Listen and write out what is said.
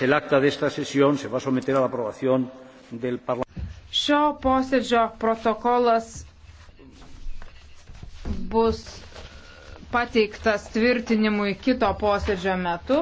el acta de esta sesión se va a someter a la aprobación del Parlamento. Šio posėdžio protokolas bus pateiktas tvirtinimui kito posėdžio metu.